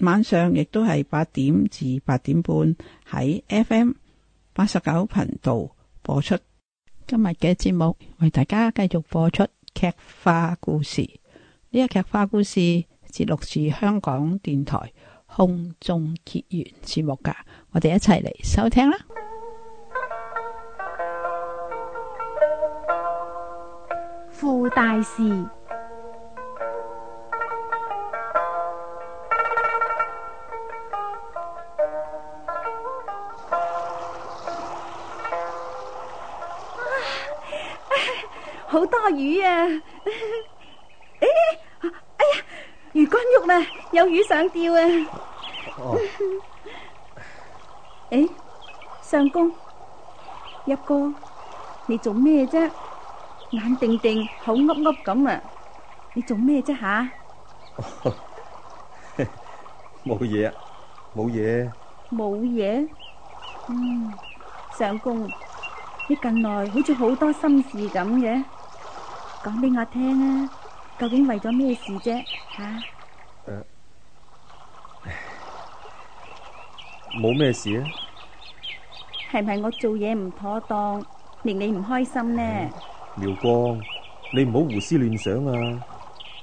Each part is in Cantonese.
晚上亦都係八點至八點半喺 FM 八十九頻道播出今日嘅節目，為大家繼續播出劇化故事。呢個劇化故事節錄自香港電台空中結緣節目噶，我哋一齊嚟收聽啦。富大士。哎哎呀，魚竿喐啦，有魚上釣啊！哎，相公，一哥，你做咩啫？眼定定，口噏噏咁啊！你做咩啫吓？冇嘢，冇嘢。冇嘢。嗯，相公，你近來好似好多心事咁嘅。講俾我聽啊！究竟為咗咩事啫？吓、啊，冇咩、呃、事啊！係唔係我做嘢唔妥當，令你唔開心呢？妙、嗯、光，你唔好胡思亂想啊！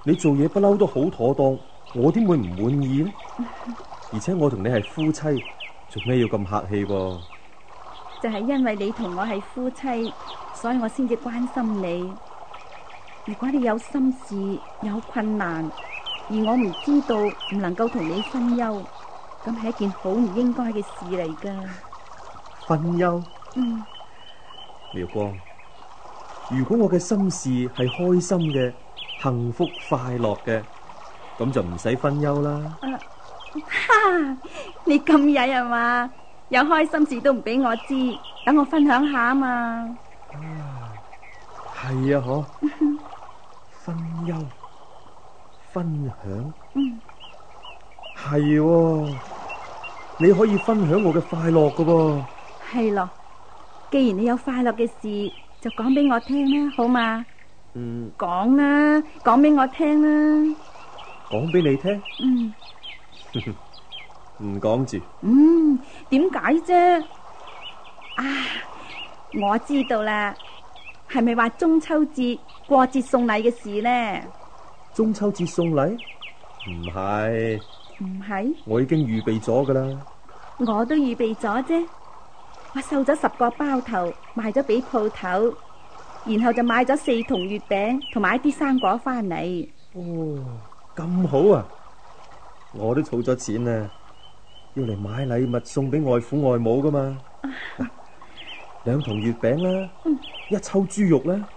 你做嘢不嬲都好妥當，我點會唔滿意呢？ 而且我同你係夫妻，做咩要咁客氣噃？就係因為你同我係夫妻，所以我先至關心你。如果你有心事有困難，而我唔知道，唔能夠同你分憂，咁係一件好唔應該嘅事嚟噶。分憂。嗯。妙光，如果我嘅心事係開心嘅、幸福快樂嘅，咁就唔使分憂啦。哈！你咁曳人話，有開心事都唔俾我知，等我分享下啊嘛。係啊，嗬。有分享，嗯，係，你可以分享我嘅快樂噶噃。係咯，既然你有快樂嘅事，就講俾我聽啦，好嘛？嗯，講啦，講俾我聽啦。講俾你聽？嗯。唔講住。嗯，點解啫？啊，我知道啦，係咪話中秋節？過節送禮嘅事呢？中秋節送禮？唔係，唔係？我已經預備咗噶啦。我都預備咗啫。我收咗十個包頭，賣咗俾鋪頭，然後就買咗四桶月餅同埋一啲生果翻嚟。哦，咁好啊！我都儲咗錢啊，要嚟買禮物送俾外父外母噶嘛。兩桶月餅啦，一抽豬肉啦。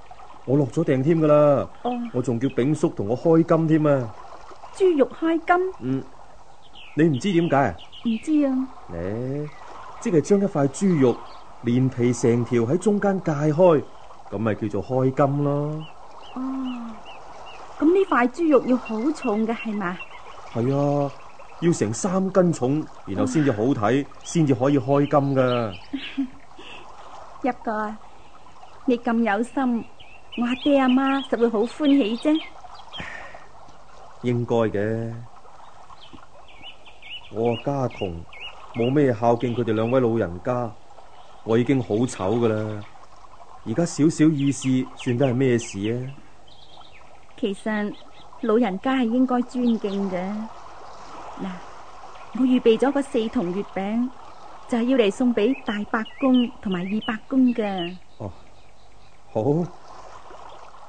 我落咗訂添噶啦，我仲叫炳叔同我開金添啊！豬肉開金？嗯，你唔知點解啊？唔知啊？誒，即係將一塊豬肉連皮成條喺中間界開，咁咪叫做開金咯。哦，咁呢塊豬肉要好重嘅係嘛？係啊，要成三斤重，然後先至好睇，先至可以開金噶。一個啊，你咁有心。我阿爹阿媽實會好歡喜啫。應該嘅。我阿家窮冇咩孝敬佢哋兩位老人家，我已經好醜噶啦。而家少少意思算，算得係咩事啊？其實老人家係應該尊敬嘅。嗱，我預備咗個四筒月餅，就係要嚟送俾大伯公同埋二伯公嘅。哦，好。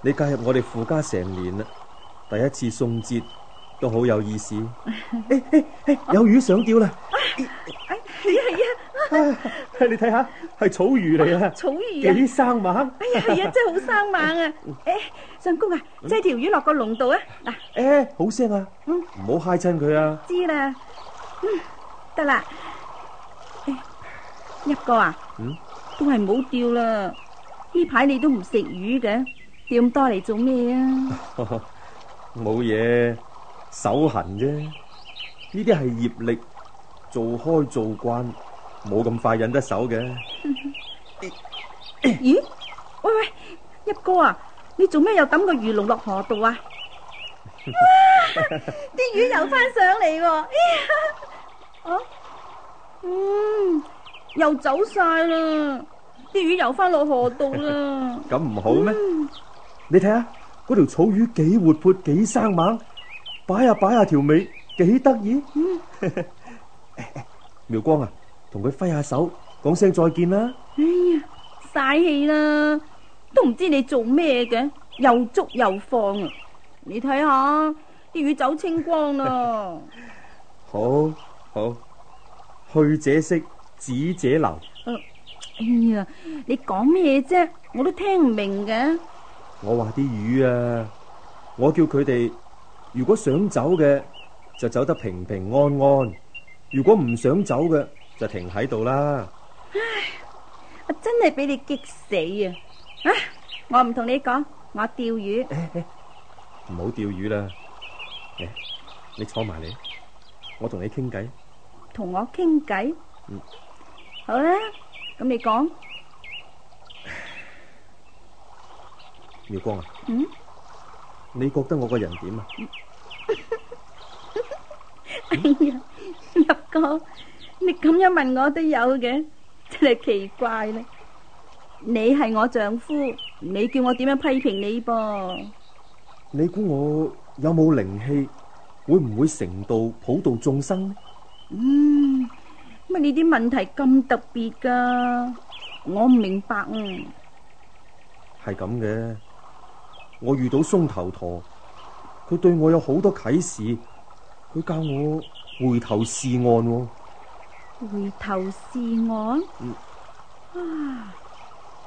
你加入我哋傅家成年啦，第一次送節，都好有意思。誒誒誒，有魚上釣啦！係啊係啊，你睇下係草魚嚟啊！草魚幾生猛！哎呀，係啊，真係好生猛啊！誒，相公啊，將條魚落個籠度啊！嗱，誒，好聲啊，唔好揩親佢啊！知啦，嗯，得啦。一哥啊，都係唔好釣啦。呢排你都唔食魚嘅。要咁多嚟做咩啊？冇嘢， 手痕啫。呢啲係業力做開做慣，冇咁快忍得手嘅。咦、 哎？哎哎、喂喂，一哥啊，你做咩又抌個魚籠落河度啊？啲 魚游翻上嚟喎！啊， 啊嗯、又走晒啦！啲魚游翻落河度啦。咁唔 好咩？ 你睇下嗰條草魚幾活潑，幾生猛，擺下擺下條尾，幾得意。妙 光啊，同佢揮下手，講聲再見啦。哎呀，晒氣啦，都唔知你做咩嘅，又捉又放。你睇下啲魚走清光啦。 好好，去者識，止者留。哎呀，你講咩啫？我都聽唔明嘅。我話啲魚啊，我叫佢哋如果想走嘅就走得平平安安，如果唔想走嘅就停喺度啦唉。唉，我真係俾你激死啊！唉，我唔同你講，我釣魚，唔好釣魚啦。你坐埋嚟，我同你傾偈。同我傾偈？嗯，好啦，咁你講。月光啊，嗯，你覺得我個人點啊？哎呀，六哥，你咁樣問我都有嘅，真係奇怪啦。你係我丈夫，你叫我點樣批評你噃？你估我有冇靈氣？會唔會成道普度眾生？嗯，乜你啲問題咁特別噶？我唔明白嗯。係咁嘅。我遇到鬆頭陀，佢對我有好多啟示，佢教我回頭是岸、哦。回頭是岸，嗯，啊，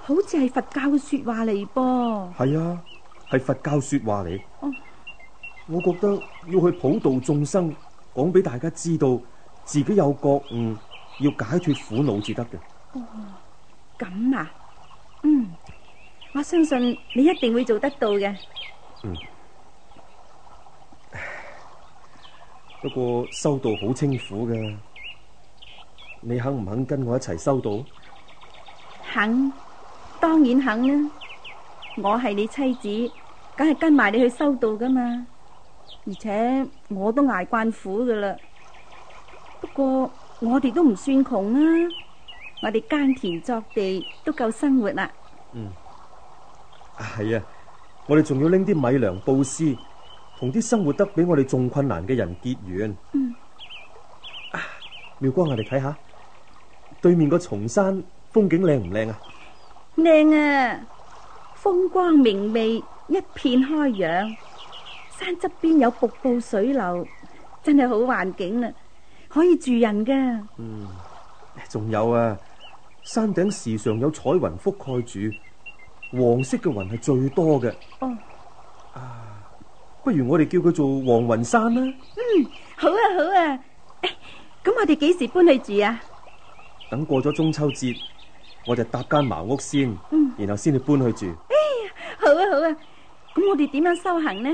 好似係佛教嘅說話嚟噃。係啊，係佛教說話嚟。嗯、哦，我覺得要去普度眾生，講俾大家知道，自己有覺悟，要解脱苦惱至得嘅。哦，咁啊，嗯。我相信你一定會做得到嘅。嗯，不過修道好清苦嘅，你肯唔肯跟我一齊修道？肯，當然肯啦。我係你妻子，梗係跟埋你去修道噶嘛。而且我都挨慣苦噶啦。不過我哋都唔算窮啊，我哋耕田作地都夠生活啦。嗯。係啊，我哋仲要拎啲米糧布施，同啲生活得比我哋仲困難嘅人結緣。嗯、啊，妙光，我哋睇下對面個松山風景靚唔靚啊？靚啊，風光明媚，一片開揚。山側邊有瀑布水流，真係好環境啊，可以住人噶。嗯，仲有啊，山頂時常有彩雲覆蓋住。黃色嘅雲係最多嘅。哦，啊，不如我哋叫佢做黃雲山啦。嗯，好啊好啊。咁、欸、我哋幾時搬去住啊？等過咗中秋節，我就搭間茅屋先，嗯、然後先至搬去住。哎呀，好啊好啊。咁我哋點樣修行呢？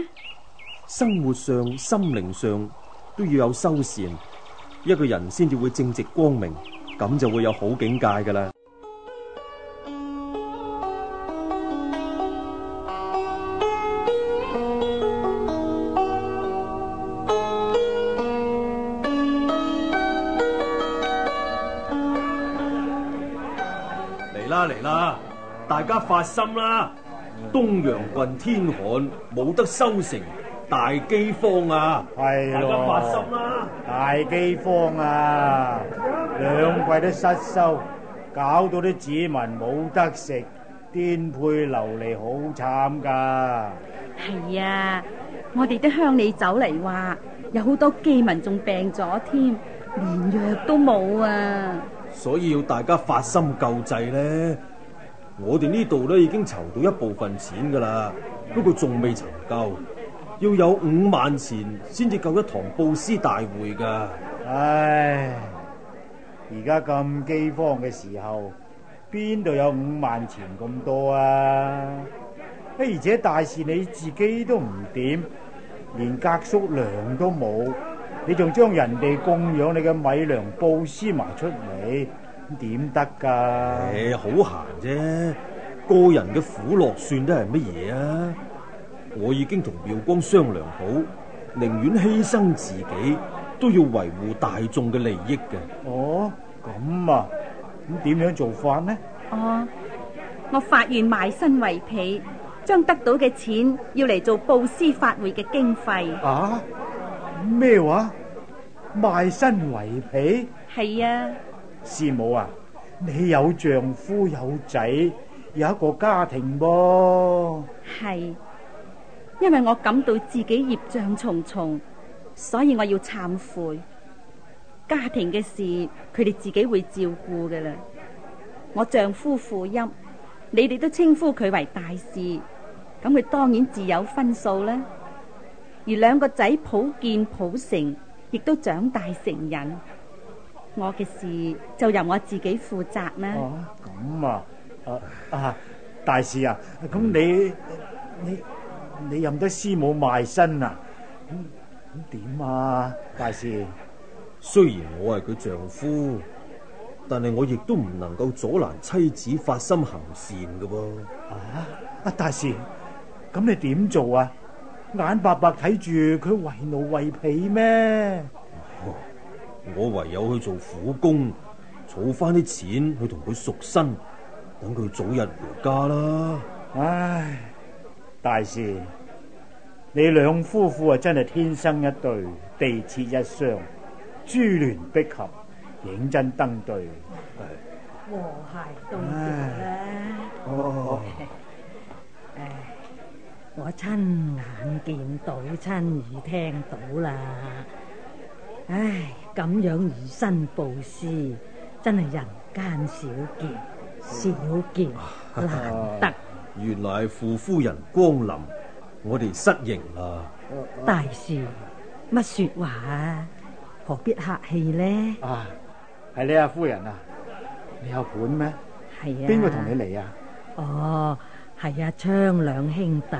生活上、心靈上都要有修善，一個人先至會正直光明，咁就會有好境界噶啦。大家發心啦！東陽郡天旱，冇得收成，大饑荒啊！大家發心啦！大饑荒啊！兩季都失收，搞到啲子民冇得食，顛沛流離，好慘㗎！係啊！我哋啲鄉里走嚟話，有好多饑民仲病咗添，連藥都冇啊！所以要大家發心救濟咧。我哋呢度咧已經籌到一部分錢噶啦，不過仲未籌夠，要有五萬錢先至夠一堂布施大會噶。唉，而家咁饑荒嘅時候，邊度有五萬錢咁多啊？不而且大事你自己都唔掂，連隔宿糧都冇，你仲將人哋供養你嘅米糧布施埋出嚟。點得㗎？誒、欸，好閒啫！個人嘅苦樂算得係乜嘢啊？我已經同妙光商量好，寧願犧牲自己都要維護大眾嘅利益嘅。哦，咁啊！咁點樣，樣做法呢？哦、啊，我發願賣身為婢，將得到嘅錢要嚟做布施法會嘅經費。啊？咩話？賣身為婢？係啊。師母啊，你有丈夫有仔，有一個家庭噃、啊。係，因為我感到自己業障重重，所以我要懺悔。家庭嘅事，佢哋自己會照顧㗎喇。我丈夫富鑫，你哋都稱呼佢為大事，咁佢當然自有分數啦。而兩個仔普建普成，亦都長大成人。我嘅事就由我自己負責啦。哦，咁啊，啊啊！大師啊，咁你你你任得師母賣身啊？咁點啊，大師？雖然我係佢丈夫，但係我亦都唔能夠阻攔妻子發心行善噶噃。啊啊！大師，咁你點做啊？眼白白睇住佢為奴為婢咩？我唯有去做苦工，儲翻啲錢去同佢贖身，等佢早日回家啦。唉，大事，你兩夫婦啊，真係天生一對，地設一雙，珠聯璧合，認真登對，和諧對。哦 唉，我親眼見到，親耳聽到啦。唉。咁樣以身布施，真係人間少見，少見難得。 原來富夫人光臨，我哋失迎啦。大師乜說話啊？何必客氣呢？係、啊、你阿、啊、夫人啊？你有管咩？係啊？邊個同你嚟啊？哦，係阿、啊、昌兩兄弟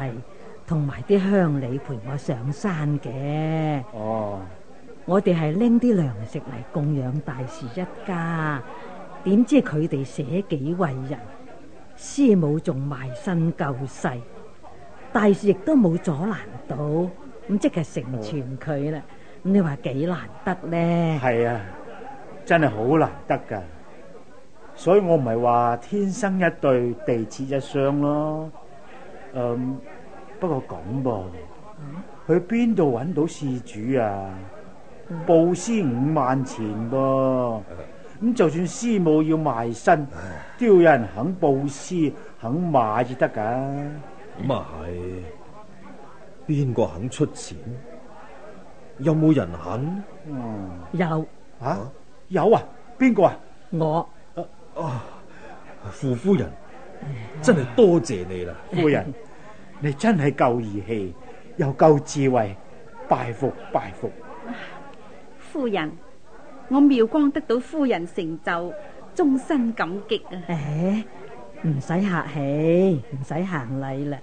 同埋啲鄉里陪我上山嘅。哦。我哋係拎啲糧食嚟供養大事一家，點知佢哋捨己為人，師母仲賣身救世，大事亦都冇阻攔到，咁即係成全佢啦。咁我你話幾難得呢？係啊，真係好難得噶。所以我唔係話天生一對地設一雙咯。嗯，不過咁噃，嗯、去邊度搵到事主啊？布施五萬錢噃，咁、嗯、就算師母要賣身，都要有人肯布施、肯買至得噶。咁啊係，邊個肯出錢？有冇人肯？嗯、有，啊啊有啊，有啊，邊個啊？我、啊。哦，傅夫人，真係多謝你啦，夫人，你真係夠義氣，又夠智慧，拜服拜服。夫人，我妙光得到夫人成就，終身感激啊！唉，唔使客氣，唔使行禮啦。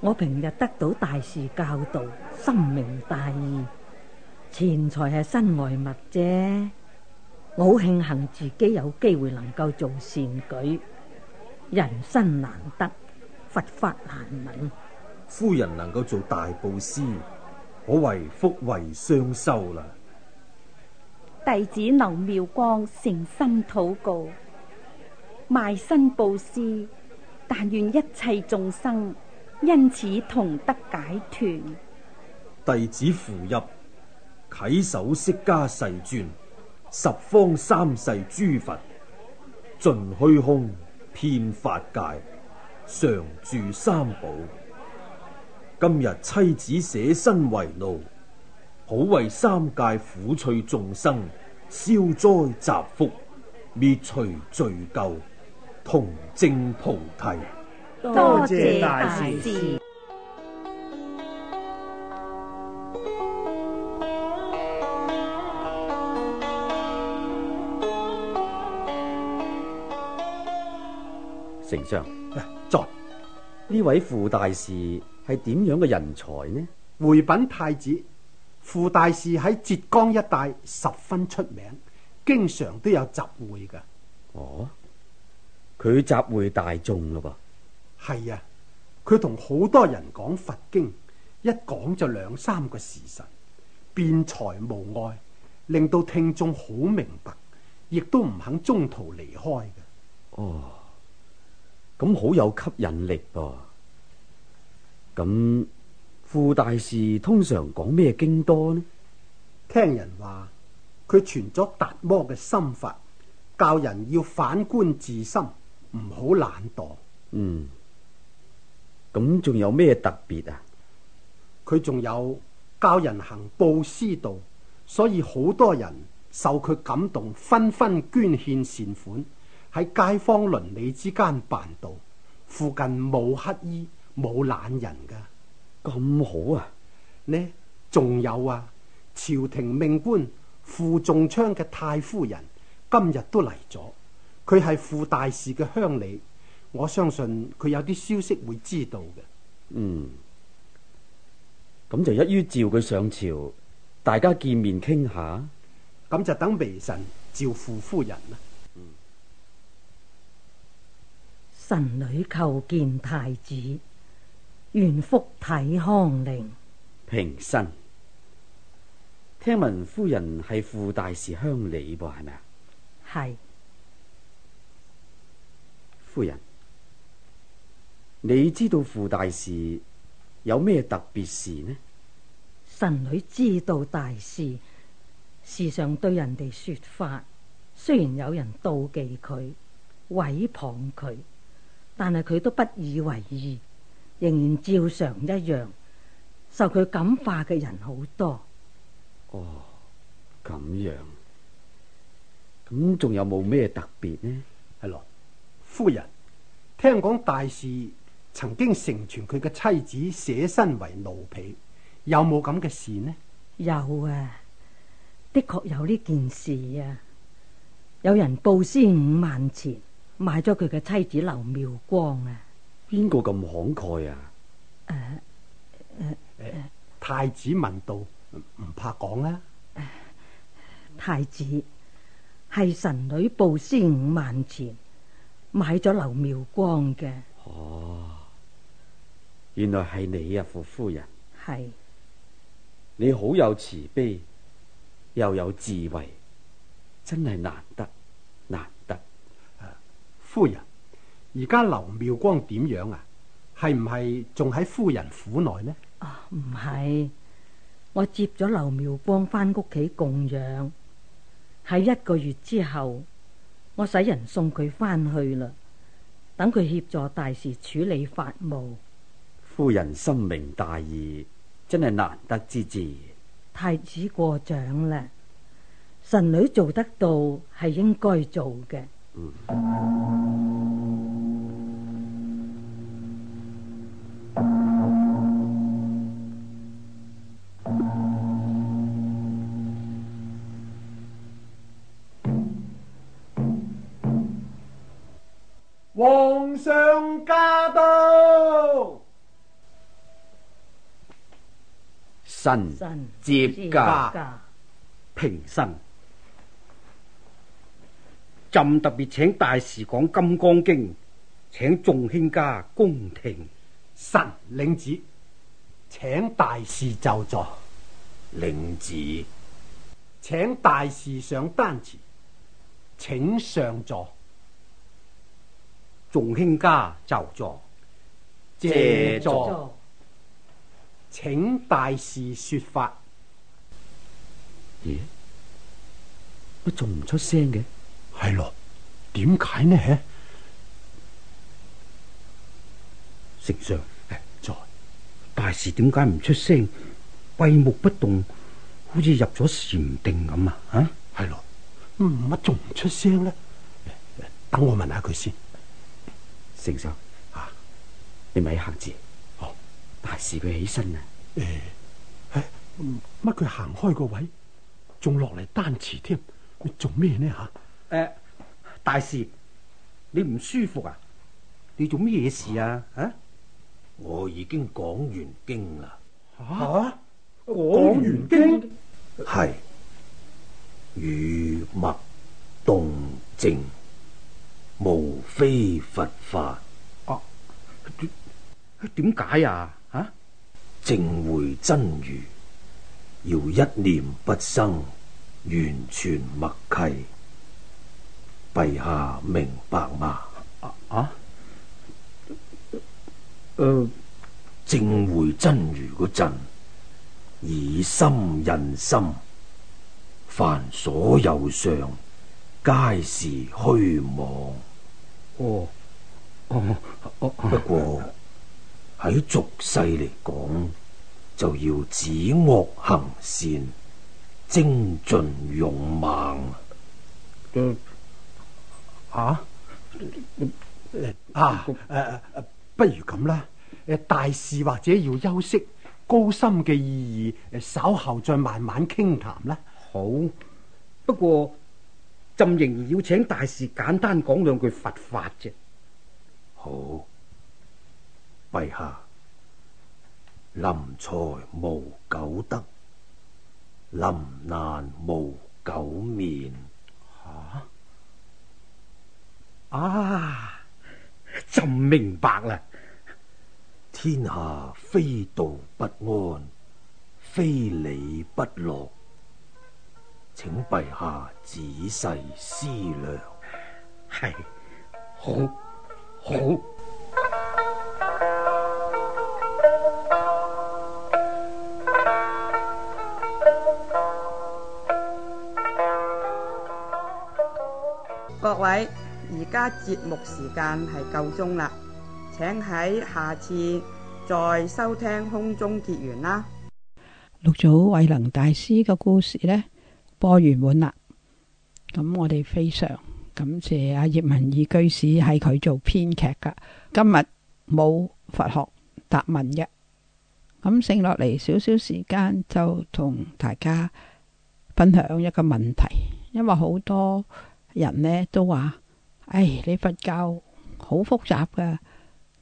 我平日得到大事教導，深明大義，錢財係身外物啫。我好慶幸自己有機會能夠做善舉，人生難得，佛法難聞。夫人能夠做大布施，可謂福慧雙修啦。弟子劉妙光誠心禱告，賣身布施，但願一切眾生因此同得解脱。弟子扶入啟首釋迦世尊，十方三世諸佛盡虛空遍法界常住三寶。今日妻子捨身為奴。好為三界苦趣眾生消災集福，滅除罪垢，同證菩提。多謝大士。丞 相，在呢坐位傅大士係點樣嘅人才呢？回稟太子。傅大士喺浙江一帶十分出名，經常都有集會噶。哦，佢集會大眾咯噃。係啊，佢同好多人講佛經，一講就兩三個時辰，辯才無礙，令到聽眾好明白，亦都唔肯中途離開嘅。哦，咁好有吸引力噃。咁。傅大士通常講咩經多呢？聽人話，佢傳咗達摩嘅心法，教人要反觀自心，唔好懶惰。嗯，咁仲有咩特別啊？佢仲有教人行布施道，所以好多人受佢感動，紛紛捐獻善，善款，喺街坊鄰里之間辦道，附近冇乞衣，冇懶人噶。咁好啊！呢仲有啊，朝廷命官傅仲昌嘅太夫人今日都嚟咗，佢係傅大士嘅鄉里，我相信佢有啲消息會知道嘅。嗯，咁就一於召佢上朝，大家見面傾下。咁、嗯、就等微臣召傅夫人啦。神女求見太子。願福體康寧，平身。聽聞夫人係傅大士鄉里，噃係咪啊？係。夫人，你知道傅大士有咩特別事呢？神女知道大士，時常對人哋說法。雖然有人妒忌佢、毀謗佢，但係佢都不以為意。仍然照常一樣，受佢感化嘅人好多。哦，咁樣，咁仲有冇咩特別呢？係咯，夫人，聽講大士曾經成全佢嘅妻子捨身為奴婢，有冇咁嘅事呢？有啊，的確有呢件事啊，有人布施五萬錢買咗佢嘅妻子劉妙光啊。邊個咁慷慨啊、呃呃呃？太子問道：唔怕講啦。太子係神女布施五萬錢買咗劉妙光嘅。哦，原來係你啊，傅夫人。係是。你好有慈悲，又有智慧，真係難得難得。夫人。而家劉妙光點樣啊？係唔係仲喺夫人府內呢？啊、哦，唔係，我接咗劉妙光翻屋企供養。喺一個月之後，我使人送佢翻去啦。等佢協助大事處理法務。夫人深明大義，真係難得之至。太子過獎啦，神女做得到係應該做嘅。嗯。神接家平身，朕特別請大士講《金剛經》，請眾卿家恭聽。神領旨，請大士就座。領旨子，請大士上丹墀，請上座。眾卿家就座，謝座。請大師說法，咦、欸？乜仲唔出聲嘅？係咯？點解呢？丞相在，大師點解唔出聲？閉目不動，好似入咗禪定咁啊！啊，係咯？乜仲唔出聲呢？等我問下佢先。丞相啊，你咪克字。大事佢起身啦，誒，乜佢行開個位，仲落嚟單詞添？你做咩呢吓？誒，大事，你唔舒服啊？你做咩嘢事啊？啊？我已經講完經啦。啊？講完經係語默動靜，無非佛法。哦，點解啊？正回真如，要一念不生，完全默契。陛下明白嗎？啊？誒，正回真如嗰陣，以心印心，凡所有相，皆是虛妄。哦，哦哦哦。不過。喺俗世嚟講，就要止惡行善，精進勇猛。嗯，啊，不如咁啦，大事或者要休息，高深嘅意義，稍後再慢慢傾談啦。好，不過朕仍然要請大事簡單講兩句佛法啫。好。陛下，臨財無苟得，臨難無苟免。吓？啊！朕、啊、明白啦。天下非道不安，非禮不樂。請陛下仔細思量。係好，好。 各位，而家節目時間係夠鐘啦，請喺下次再收聽空中結緣啦。六祖慧能大師嘅故事呢，播完滿啦，咁我哋非常感謝阿葉文義居士係佢做編劇噶。今日冇佛學答問嘅，咁剩落嚟少少時間就同大家分享一個問題，因為好多，人呢都話，唉、哎，你佛教好複雜噶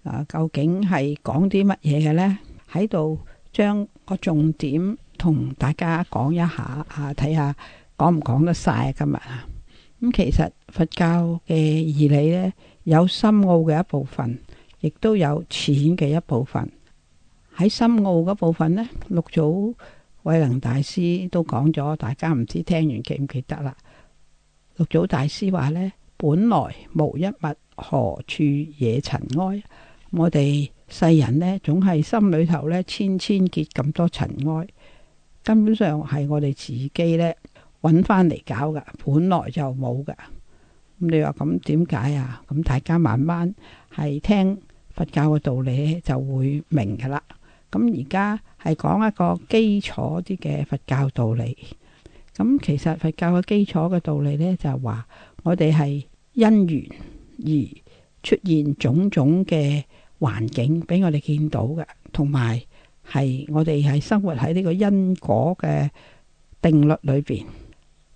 啊，究竟係講啲乜嘢嘅呢？喺度將個重點同大家講一下，啊，睇下講唔講得晒今日啊。咁、嗯、其實佛教嘅義理呢，有深奧嘅一部分，亦都有淺嘅一部分。喺深奧嗰部分呢，六祖慧能大師都講咗，大家唔知聽完記唔記得啦。六祖大師話呢，本來無一物，何處惹塵埃？我哋世人呢，總係心裏頭呢，千千結咁多塵埃，根本上係我哋自己呢，揾翻嚟搞噶，本來就冇噶。咁你話咁點解啊？咁大家慢慢係聽佛教嘅道理，就會明噶啦。咁而家係講一個基礎啲嘅佛教道理。咁其實佛教嘅基礎嘅道理呢，就係話我哋係因緣而出現種種嘅環境俾我哋見到嘅，同埋係我哋係生活喺呢個因果嘅定律裏邊。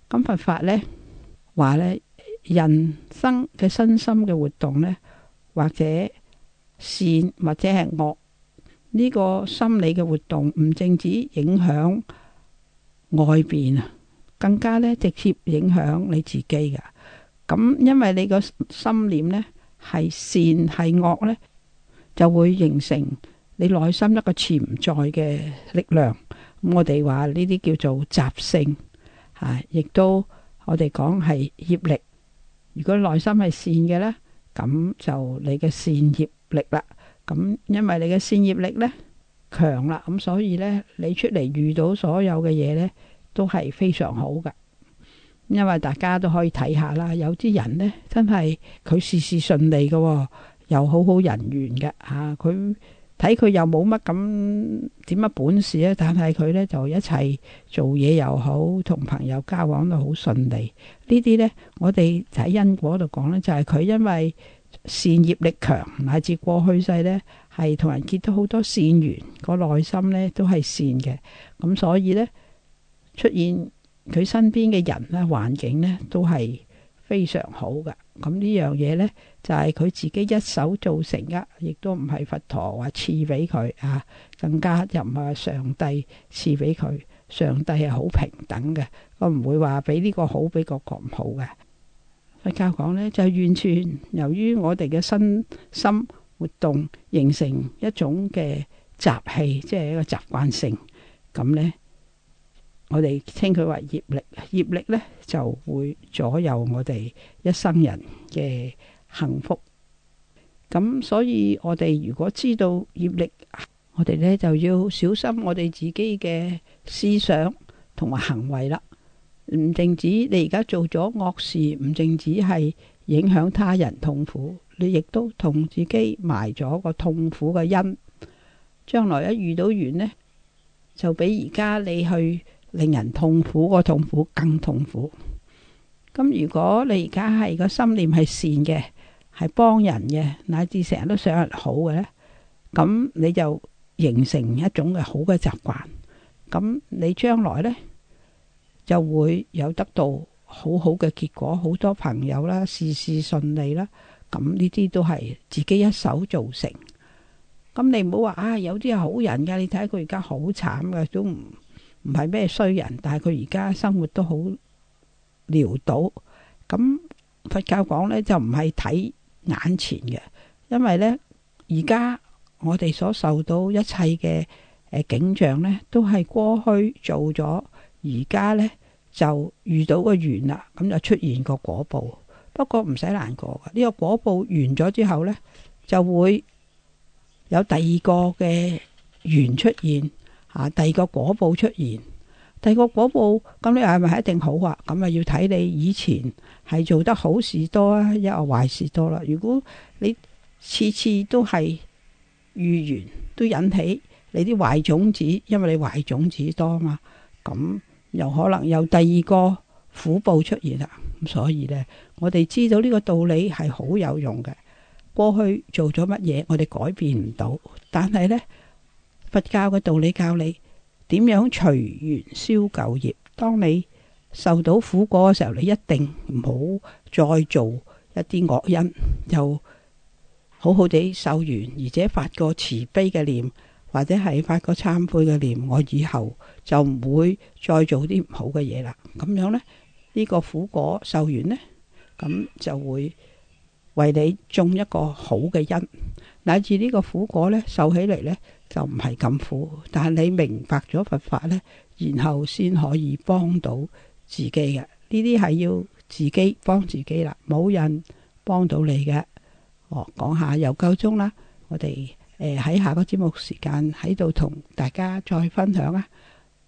咁佛法呢話呢，人生嘅身心嘅活動呢，或者善或者係惡，呢個心理嘅活動唔淨止影響外邊啊。更加咧，直接影響你自己噶，咁因為你個心念咧，係善係惡咧，就會形成你內心一個潛在嘅力量。咁我哋話呢啲叫做習性，吓，亦都我哋講係業力。如果內心係善嘅咧，咁就你嘅善業力啦。咁因為你嘅善業力咧強啦，咁所以咧你出嚟遇到所有嘅嘢咧，都係非常好嘅，因為大家都可以睇下啦。有啲人呢，真係佢事事順利嘅，又好好人緣嘅。吓、啊，佢睇佢又冇乜咁點乜本事咧，但係佢呢，就一齊做嘢又好，同朋友交往都好順利。呢啲呢，我哋喺因果度講呢，就係佢因為善業力強，乃至過去世呢，係同人結到好多善緣，個內心呢都係善嘅，咁所以呢。出現佢身邊嘅人咧、環境咧，都係非常好嘅。咁呢樣嘢咧，就係、是、佢自己一手造成噶，亦都唔係佛陀話賜俾佢啊，更加又唔係上帝賜俾佢。上帝係好平等嘅，我唔會話俾呢個好，俾個個唔好嘅。佛教講咧，就完全由於我哋嘅身心活動形成一種嘅習氣，即係一個習慣性。咁咧。我哋稱佢為業力，業力呢就會左右我哋一生人嘅幸福。咁所以，我哋如果知道業力，我哋呢就要小心我哋自己嘅思想同埋行為啦。唔淨止你而家做咗惡事，唔淨止係影響他人痛苦，你亦都同自己埋咗個痛苦嘅因。將來一遇到緣呢，就俾而家你去。令人痛苦，個痛苦更痛苦。咁如果你而家係個心念係善嘅，係幫人嘅，乃至成日都想人好嘅咧，咁你就形成一種嘅好嘅習慣。咁你將來咧就會有得到好好嘅結果，好多朋友啦，事事順利啦。咁呢啲都係自己一手造成。咁你唔好話啊，有啲係好人㗎，你睇下佢而家好慘嘅，都唔～唔係咩衰人，但係佢而家生活都好潦倒。咁佛教講呢，就唔係睇眼前嘅，因為呢，而家我哋所受到一切嘅，誒景象呢，都係過去做咗，而家呢，就遇到個緣啦，咁就出現個果報。不過唔使難過嘅，呢個果報完咗之後呢，就會有第二個嘅緣出現。啊！第二個果報出現，第二個果報咁你係咪一定好啊？咁啊要睇你以前係做得好事多啊，一係壞事多啦。如果你次次都係遇緣，都引起你啲壞種子，因為你壞種子多啊嘛，咁又可能有第二個苦報出現啦。咁所以呢，我哋知道呢個道理係好有用嘅。過去做咗乜嘢，我哋改變唔到，但係呢。佛教嘅道理教你點樣隨緣消舊業。當你受到苦果嘅時候，你一定唔好再做一啲惡因，就好好地受完，而且發個慈悲嘅念，或者係發個懺悔嘅念。我以後就唔會再做啲唔好嘅嘢啦。咁樣呢，呢個苦果受完呢，咁就會為你種一個好嘅因，乃至呢個苦果呢，受起嚟呢，就唔係咁苦，但係你明白咗佛法呢，然後先可以幫到自己嘅。呢啲係要自己幫自己啦，冇人幫到你嘅。哦，講下又夠鐘啦，我哋誒喺下個節目時間喺度同大家再分享啦。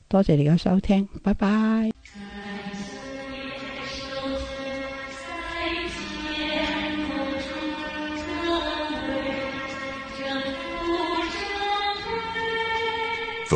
多謝你嘅收聽，拜拜。